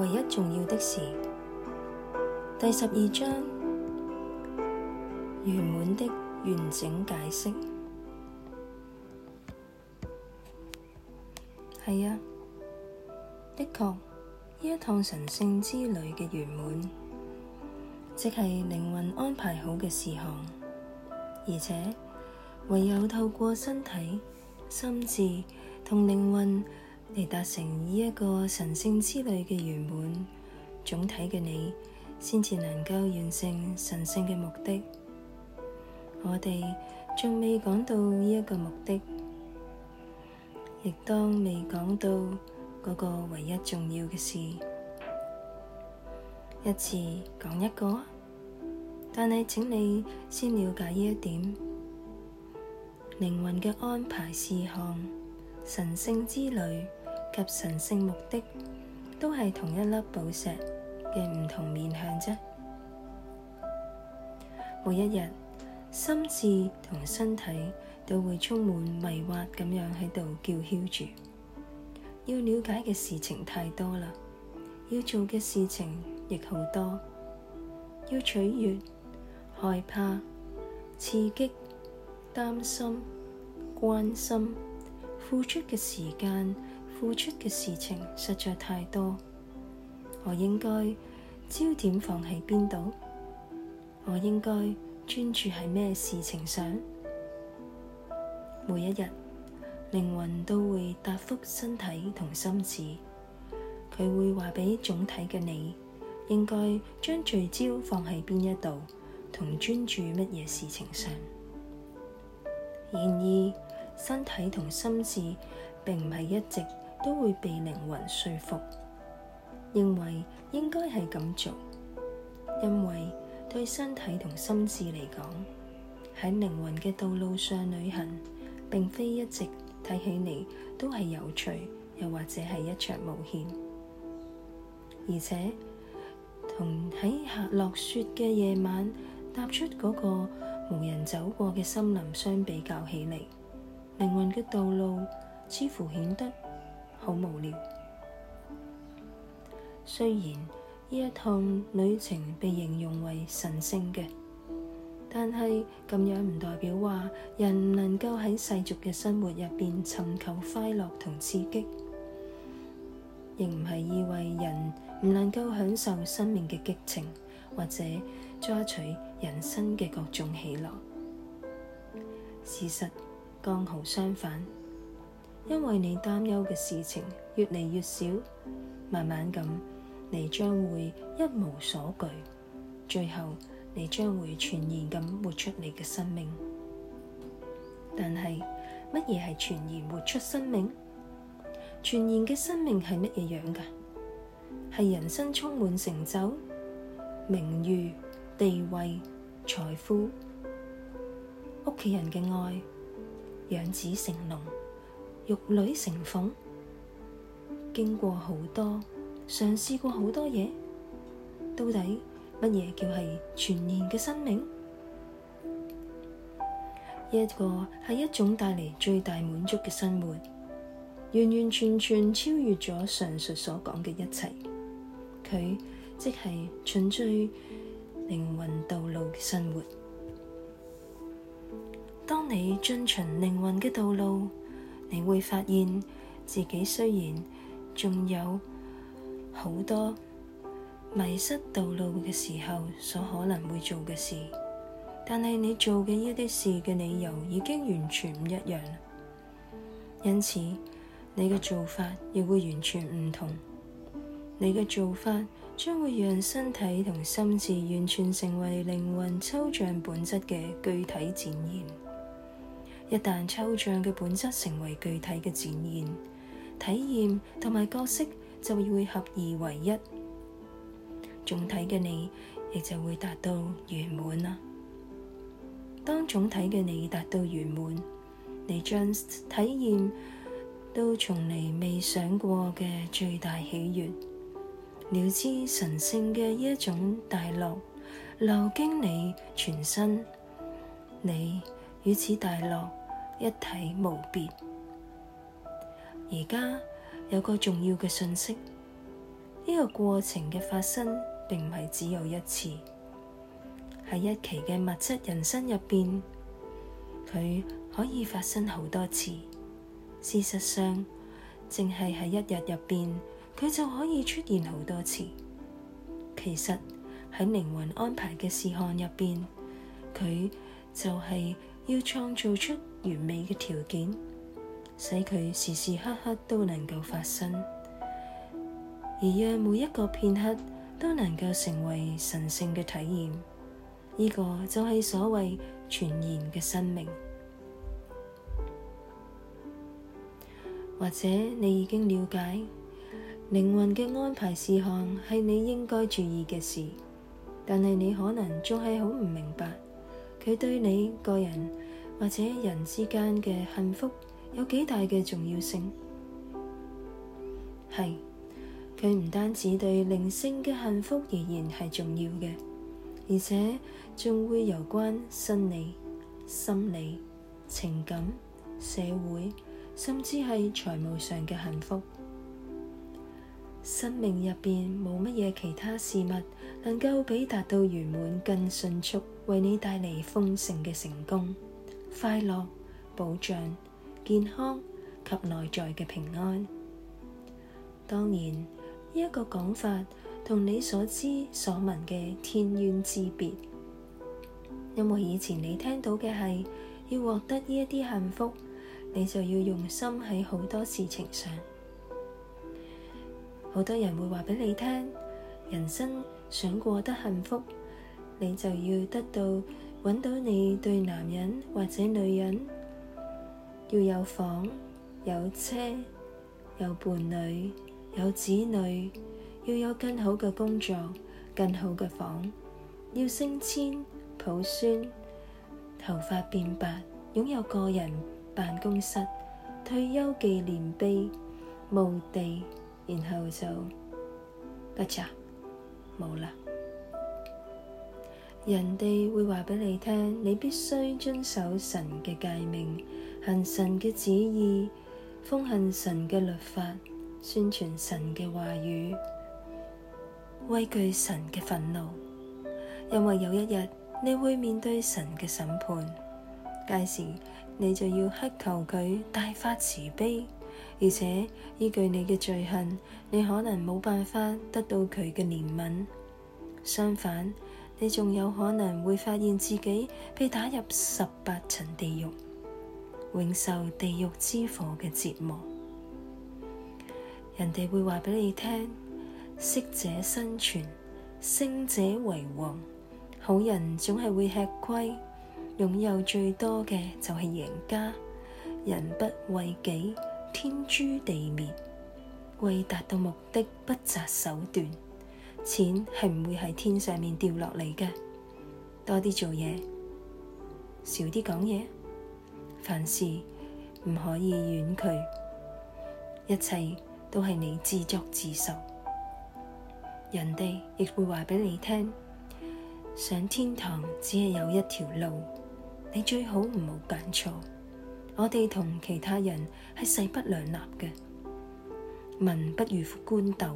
唯一重要的事，第十二章圓滿的完整解釋。係呀、啊。的確，呢一趟神聖之旅嘅圓滿，即係靈魂安排好嘅事項，而且唯有透過身體、心智同靈魂。嚟達成呢一個神聖之旅嘅圓滿，總體嘅你先至能夠完成神聖嘅目的。我哋仲未講到呢一個目的，亦都未講到嗰個唯一重要嘅事。一次講一個，但係請你先了解呢一點：靈魂嘅安排事項，神聖之旅。及神聖目的都係同一粒寶石嘅唔同面向啫。每一日，心智同身體都會充滿迷惑咁樣喺度叫囂住。要了解嘅事情太多啦，要做嘅事情亦好多，要取悅、害怕、刺激、擔心、關心、付出嘅時間。付出嘅事情實在太多，我應該焦點放喺邊度？我應該專注喺咩事情上？每一日靈魂都會答覆身體同心智，佢會話畀總體嘅你，應該將聚焦放喺邊一度，同專注乜嘢事情上。然而，身體同心智並唔係一直。都會被靈魂說服，認為應該係咁做，因為對身體同心智嚟講，喺靈魂嘅道路上旅行，並非一直睇起嚟都係有趣，又或者係一場冒險。而且同喺下落雪嘅夜晚踏出嗰個無人走過嘅森林相比較起嚟，靈魂嘅道路似乎顯得。好無聊。雖然呢一趟旅程被形容為神聖嘅，但係咁樣唔代表話人唔能夠喺世俗嘅生活入邊尋求快樂同刺激，亦唔係意味人唔能夠享受生命嘅激情，或者抓取人生嘅各種喜樂。事實剛好相反。因為你擔憂嘅事情越嚟越少，慢慢咁你將會一無所懼，最後你將會全然咁活出你嘅生命。但係乜嘢係全然活出生命？全然嘅生命係乜嘢樣噶？係人生充滿成就、名譽、地位、財富，屋企人嘅愛，養子成龍。玉女成鳳，經過好多，嘗試過好多嘢，到底乜嘢叫係全然嘅生命？一個係一種帶嚟最大滿足嘅生活，完完全全超越咗上述所講嘅一切。佢即係循序靈魂道路嘅生活。當你遵循靈魂嘅道路。你會發現自己雖然仲有好多迷失道路嘅時候所可能會做嘅事，但係你做嘅呢啲事嘅理由已經完全唔一樣，因此你嘅做法亦會完全唔同。你嘅做法將會讓身體同心智完全成為靈魂抽象本質嘅具體展現。一旦抽象嘅本質成為具體嘅展現，體驗同埋角色就會合二為一，總體嘅你亦就會達到圓滿啦。當總體嘅你達到圓滿，你將體驗到從嚟未想過嘅最大喜悅，了知神聖嘅一種大樂流經你全身，你與此大樂。一體無別。而家有個重要嘅信息，呢個過程嘅發生，並唔係只有一次，喺一期嘅物質人生入邊，佢可以發生好多次。事實上，淨係喺一日入邊，佢就可以出現好多次。其實喺靈魂安排嘅事項入邊，佢就係。要創造出完美嘅條件，使佢時時刻刻都能夠發生，而讓每一個片刻都能夠成為神聖嘅體驗。呢個就係所謂全然嘅生命。或者你已經了解靈魂嘅安排事項係你應該注意嘅事，但係你可能仲係好唔明白。佢對你個人或者人之間嘅幸福有幾大嘅重要性？係，佢唔單止對靈性嘅幸福而言係重要嘅，而且仲會有關生理、心理、情感、社會，甚至係財務上嘅幸福。生命入邊冇乜嘢其他事物能夠比達到圓滿更迅速。為你帶嚟豐盛嘅成功、快樂、保障、健康及內在嘅平安。當然，呢一個講法同你所知所聞嘅天淵之別。因為以前你聽到嘅係，要獲得呢一啲幸福，你就要用心喺好多事情上。好多人會話俾你聽，人生想過得幸福。你就要得到揾到你對男人或者女人，要有房有車，有伴侶，有子女，要有更好嘅工作，更好嘅房，要升遷、抱孫、頭髮變白、擁有個人辦公室、退休、紀念碑、墓地然後就咔嚓冇啦。人哋會話畀你聽，你必須遵守神嘅誡命，行神嘅旨意，奉行神嘅律法，宣傳神嘅話語，畏懼神嘅憤怒，因為有一日你會面對神嘅審判。屆時你就要乞求佢大發慈悲，而且依據你嘅罪行，你可能冇辦法得到佢嘅憐憫。相反，你仲有可能會發現自己被打入十八層地獄，永受地獄之火嘅折磨。人哋會話畀你聽：適者生存，勝者為王。好人總係會吃虧，擁有最多嘅就係贏家。人不為己，天誅地滅。為達到目的，不擇手段。錢係唔會喺天上面掉落嚟嘅，多啲做嘢，少啲講嘢，凡事唔可以軟佢，一切都係你自作自受。人哋亦會話畀你聽，上天堂只係有一條路，你最好唔好揀錯。我哋同其他人係勢不兩立嘅，民不與官鬥。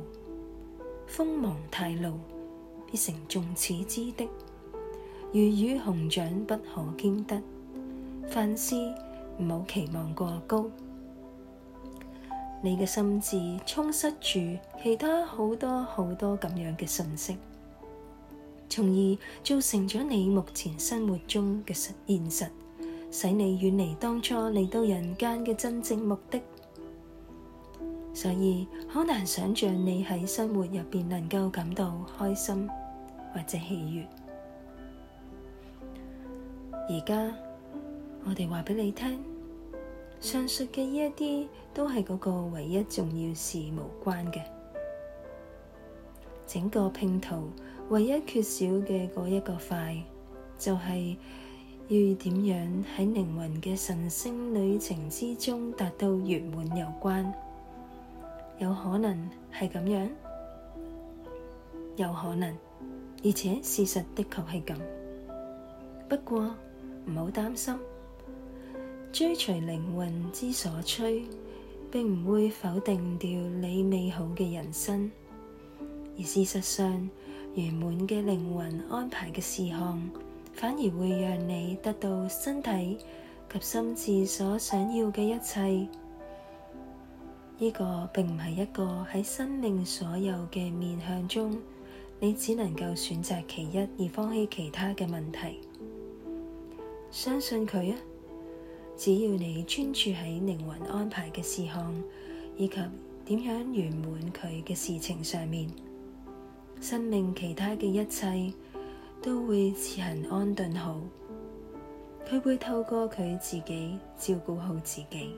鋒芒太露，必成眾矢之的；魚與熊掌不可兼得。凡事唔好期望過高。你嘅心智充塞住其他好多好多咁樣嘅信息，從而造成咗你目前生活中嘅現實，使你遠離當初嚟到人間嘅真正目的。所以好難想象你喺生活入邊能夠感到開心或者喜悅。而家我哋話畀你聽，上述嘅呢一啲都係嗰個唯一重要事無關嘅。整個拼圖唯一缺少嘅嗰一個塊，就係、是、要點樣喺靈魂嘅神聖旅程之中達到圓滿有關。有可能係咁樣，有可能，而且事實的確係咁。不過唔好擔心，追隨靈魂之所趨，並唔會否定掉你美好嘅人生。而事實上，圓滿嘅靈魂安排嘅事項，反而會讓你得到身體及心智所想要嘅一切。呢個並唔係一個喺生命所有嘅面向中，你只能夠選擇其一而放棄其他嘅問題。相信佢啊！只要你專注喺靈魂安排嘅事項，以及點樣圓滿佢嘅事情上面，生命其他嘅一切都會自行安頓好。佢會透過佢自己照顧好自己。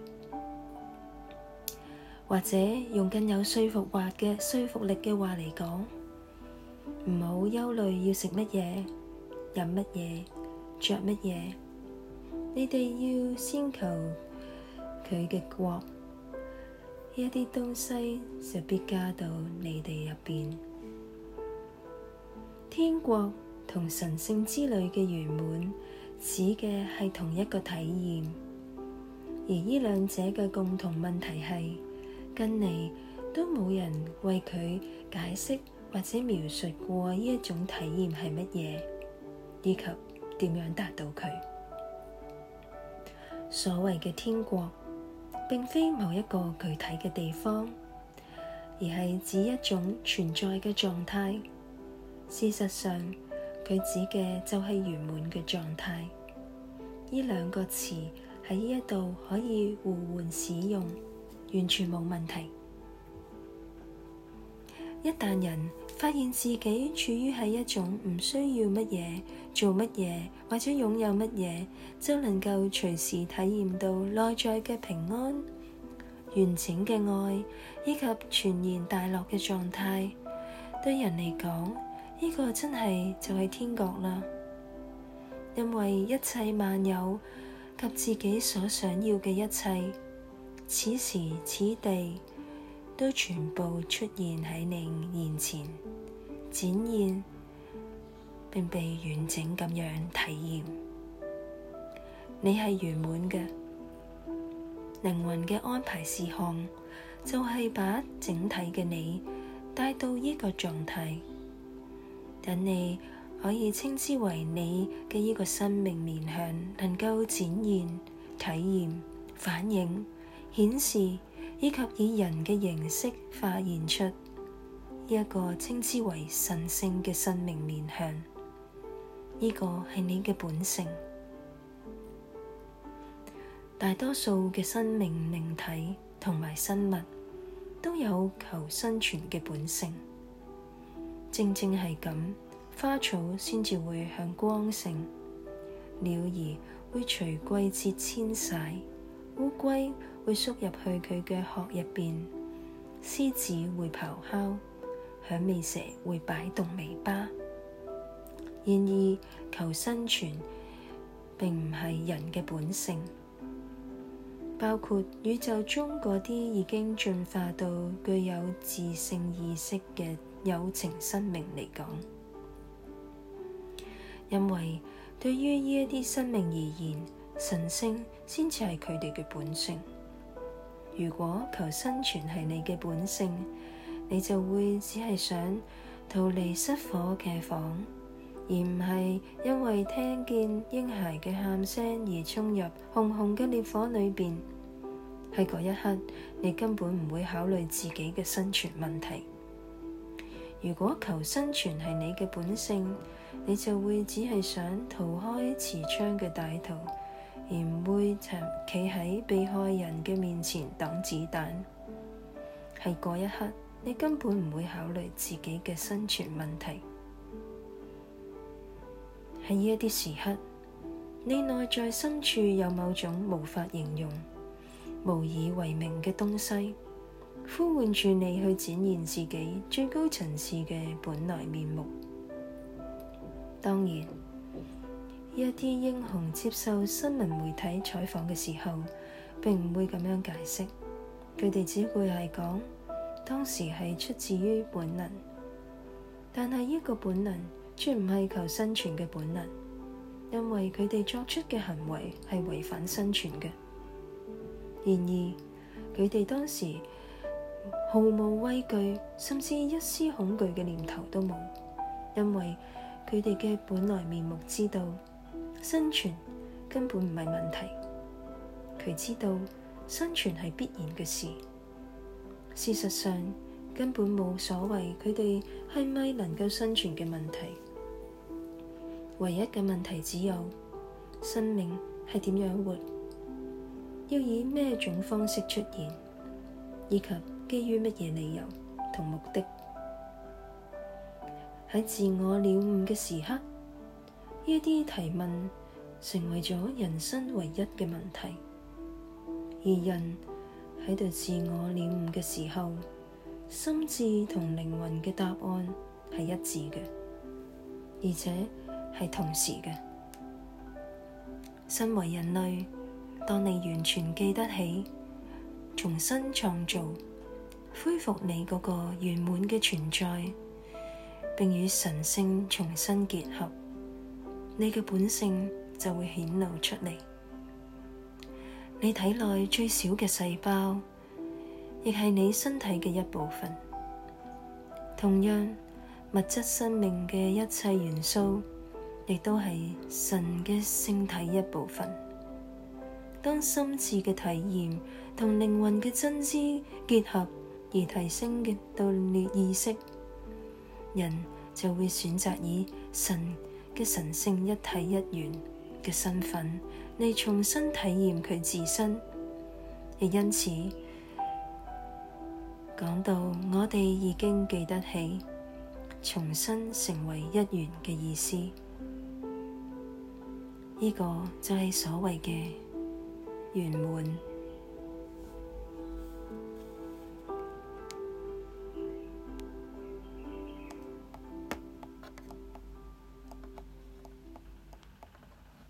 或者用更有說服話嘅說服力嘅話嚟講，唔好憂慮要食乜嘢、飲乜嘢、着乜嘢。你哋要先求佢嘅國，呢啲東西就必加到你哋入邊。天國同神聖之旅嘅圓滿指嘅係同一個體驗，而呢兩者嘅共同問題係。近嚟都冇人為佢解釋或者描述過呢一種體驗係乜嘢，以及點樣達到佢。所謂嘅天國，並非某一個具體嘅地方，而係指一種存在嘅狀態。事實上，佢指嘅就係圓滿嘅狀態。呢兩個詞喺呢一度可以互換使用。完全冇問題。一旦人發現自己處於係一種唔需要乜嘢做乜嘢或者擁有乜嘢，就能夠隨時體驗到內在嘅平安、完整嘅愛以及全然大樂嘅狀態，對人嚟講，呢個真係就係天國啦。因為一切萬有及自己所想要嘅一切，此時此地都全部出現喺你面前展現，並被完整咁樣體驗。你係圓滿嘅靈魂嘅安排事項，就係把整體嘅你帶到呢個狀態，等你可以稱之為你嘅呢個生命面向，能夠展現、體驗、反映，顯示以及以人嘅形式發現出一個稱之為神聖嘅生命面向。呢、這個係你嘅本性。大多數嘅生命命體同埋生物都有求生存嘅本性。正正係咁，花草先至會向光性，鳥兒會隨季節遷徙，烏龜，會縮入去佢嘅殼入邊，獅子會咆哮，響尾蛇會擺動尾巴。然而，求生存並唔係人嘅本性，包括宇宙中嗰啲已經進化到具有自性意識嘅有情生命嚟講，因為對於呢一啲生命而言，神聖先至係佢哋嘅本性。如果求生存係你嘅本性，你就會只係想逃離失火嘅房，而唔係因為聽見嬰孩嘅喊聲而沖入熊熊嘅烈火裏邊。喺嗰一刻，你根本唔會考慮自己嘅生存問題。如果求生存係你嘅本性，你就會只係想逃開持槍嘅歹徒。而唔會企喺被害人嘅面前擋子彈，喺嗰一刻，你根本唔會考慮自己嘅生存問題。喺呢一啲時刻，你內在深處有某種無法形容、無以為名嘅東西，呼喚住你去展現自己最高層次嘅本來面目。當然。一啲英雄接受新聞媒體採訪嘅時候，並唔會咁樣解釋。佢哋只會係講當時係出自於本能，但係呢個本能絕唔係求生存嘅本能，因為佢哋作出嘅行為係違反生存嘅。然而，佢哋當時毫無畏懼，甚至一絲恐懼嘅念頭都冇，因為佢哋嘅本來面目知道。生存根本唔係問題，佢知道生存係必然嘅事。事實上，根本冇所謂佢哋係咪能夠生存嘅問題，唯一嘅問題只有生命係點樣活，要以咩種方式出現，以及基於乜嘢理由同目的。喺自我了悟嘅時刻。呢啲提問成為咗人生唯一嘅問題，而人喺度自我了悟嘅時候，心智同靈魂嘅答案係一致嘅，而且係同時嘅。身為人類，當你完全記得起，重新創造，恢復你嗰個圓滿嘅存在，並與神性重新結合。你嘅本性就會顯露出嚟。你體內最小嘅細胞，亦係你身體嘅一部分。同樣，物質生命嘅一切元素，亦都係神嘅聖體一部分。當心智嘅體驗同靈魂嘅真知結合而提升嘅到列意識，人就會選擇以神嘅神聖一體一元嘅身份，嚟重新體驗佢自身，亦因此講到我哋已經記得起重新成為一元嘅意思，呢、這個就係所謂嘅圓滿。